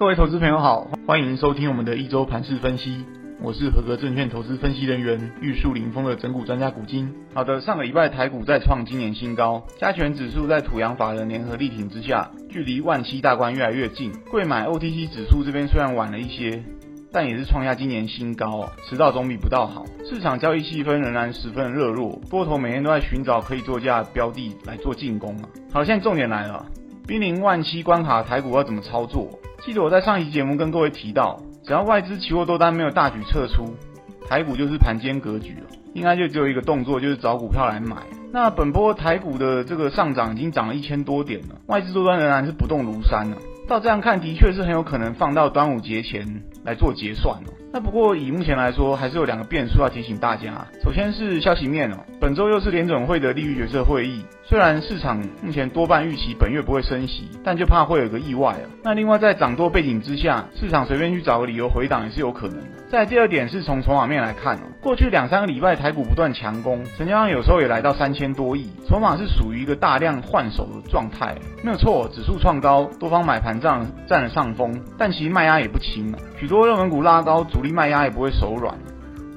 各位投資朋友好，歡迎收聽我們的一周盤勢分析。我是合格證券投資分析人員玉樹臨風的拯股專家股晶。好的，上個禮拜台股再創今年新高，加權指數在土洋法人聯合力挺之下，距離萬七大關越來越近。櫃買 OTC 指數這邊雖然晚了一些，但也是創下今年新高哦，遲到總比不到好。市場交易氣氛，仍然十分熱絡，多頭每天都在尋找可以作價標的來做進攻。好，現在重點來了，瀕臨萬七關卡台股要怎麼操作？記得我在上一期節目跟各位提到，只要外資期貨多單沒有大舉撤出，台股就是盤間格局了，應該就只有一個動作，就是找股票來買。那本波台股的這個上漲已經漲了一千多點了，外資多單仍然是不動如山了到這樣看，的確是很有可能放到端午節前來做結算了。那不過以目前來說，還是有兩個變數要提醒大家、啊。首先是消息面哦，本周又是聯準會的利率決策會議，雖然市場目前多半預期本月不會升息，但就怕會有個意外哦、啊。那另外在漲多背景之下，市場隨便去找個理由回檔也是有可能的。再來第二點是從籌碼面來看哦、啊，過去兩三個禮拜台股不斷強攻，成交量有時候也來到三千多億，籌碼是屬於一個大量換手的狀態。沒有錯，指數創高，多方買盤占占了上風，但其實賣壓也不輕啊，許多熱門股拉高主力賣壓也不會手軟，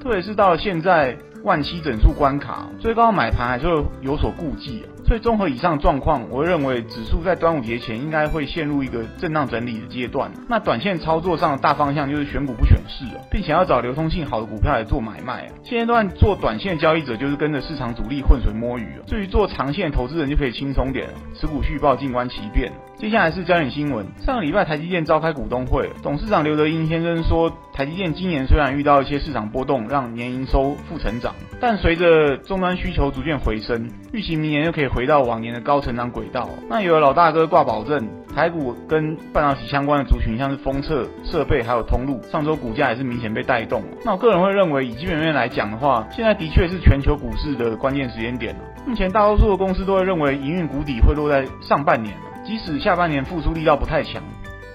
特別是到了現在萬七整數關卡，追高的買盤還是會有所顧忌啊。綜合以上狀況，我認為指數在端午節前應該會陷入一個震盪整理的階段。那短線操作上的大方向就是選股不選市了，並且要找流通性好的股票來做買賣。現階段做短線的交易者就是跟着市場主力混水摸魚了。至於做長線投資人，就可以輕鬆點，持股續抱，靜觀其變。接下來是焦點新聞：上個禮拜台積電召開股東會，董事長劉德音先生說，台積電今年雖然遇到一些市場波動，讓年營收負成長，但隨着終端需求逐漸回升，預期明年又可以回。回到往年的高成長軌道，那有了老大哥掛保證，台股跟半導體相關的族群，像是封測設備還有通路，上周股價也是明顯被帶動了。那我個人會認為，以基本面來講的話，現在的確是全球股市的關鍵時間點了。目前大多數的公司都會認為營運谷底會落在上半年，即使下半年復甦力道不太強。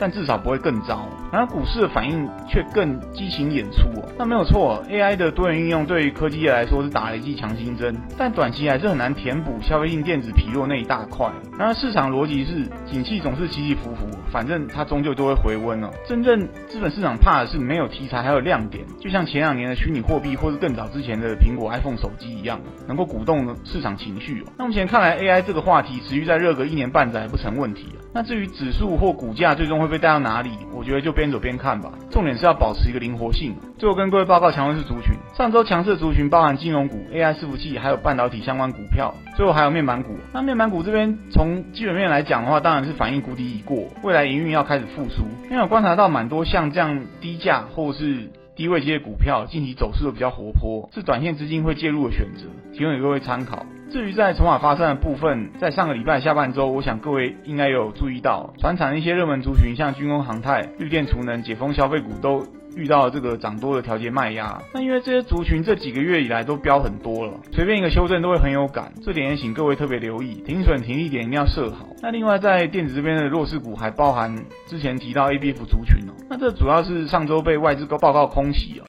但至少不會更糟，然後股市的反應卻更激情演出哦。那沒有錯啊，AI 的多元應用對於科技業來說是打了一劑強心針，但短期還是很難填補消費性電子疲弱那一大塊。然而市場邏輯是，景氣總是起起伏伏，反正它終究都會回溫哦。真正資本市場怕的是沒有題材還有亮點，就像前兩年的虛擬貨幣，或是更早之前的蘋果 iPhone 手機一樣，能夠鼓動市場情緒哦。那目前看來，AI 這個話題持續在熱個一年半載不成問題那至於指數或股價最終會被帶到哪裡，我覺得就邊走邊看吧。重點是要保持一個靈活性。最後跟各位報告強勢族群，上周強勢族群包含金融股、AI 伺服器，還有半導體相關股票，最後還有面板股。那面板股這邊從基本面來講的話，當然是反映谷底已過，未來營運要開始復甦。因為我觀察到蠻多像這樣低價或是低位級的股票，近期走勢都比較活潑，是短線資金會介入的選擇，提供給各位參考。至於在籌碼發散的部分，在上個禮拜下半周，我想各位應該有注意到，傳產一些熱門族群，像軍工、航太、綠電、儲能、解封消費股，都遇到了這個漲多的調節賣壓。那因為這些族群這幾個月以來都飆很多了，隨便一個修正都會很有感，這點也請各位特別留意，停損停利點一定要設好。那另外在電子這邊的弱勢股，還包含之前提到 ABF 族群哦，那這主要是上周被外資都報告空襲哦。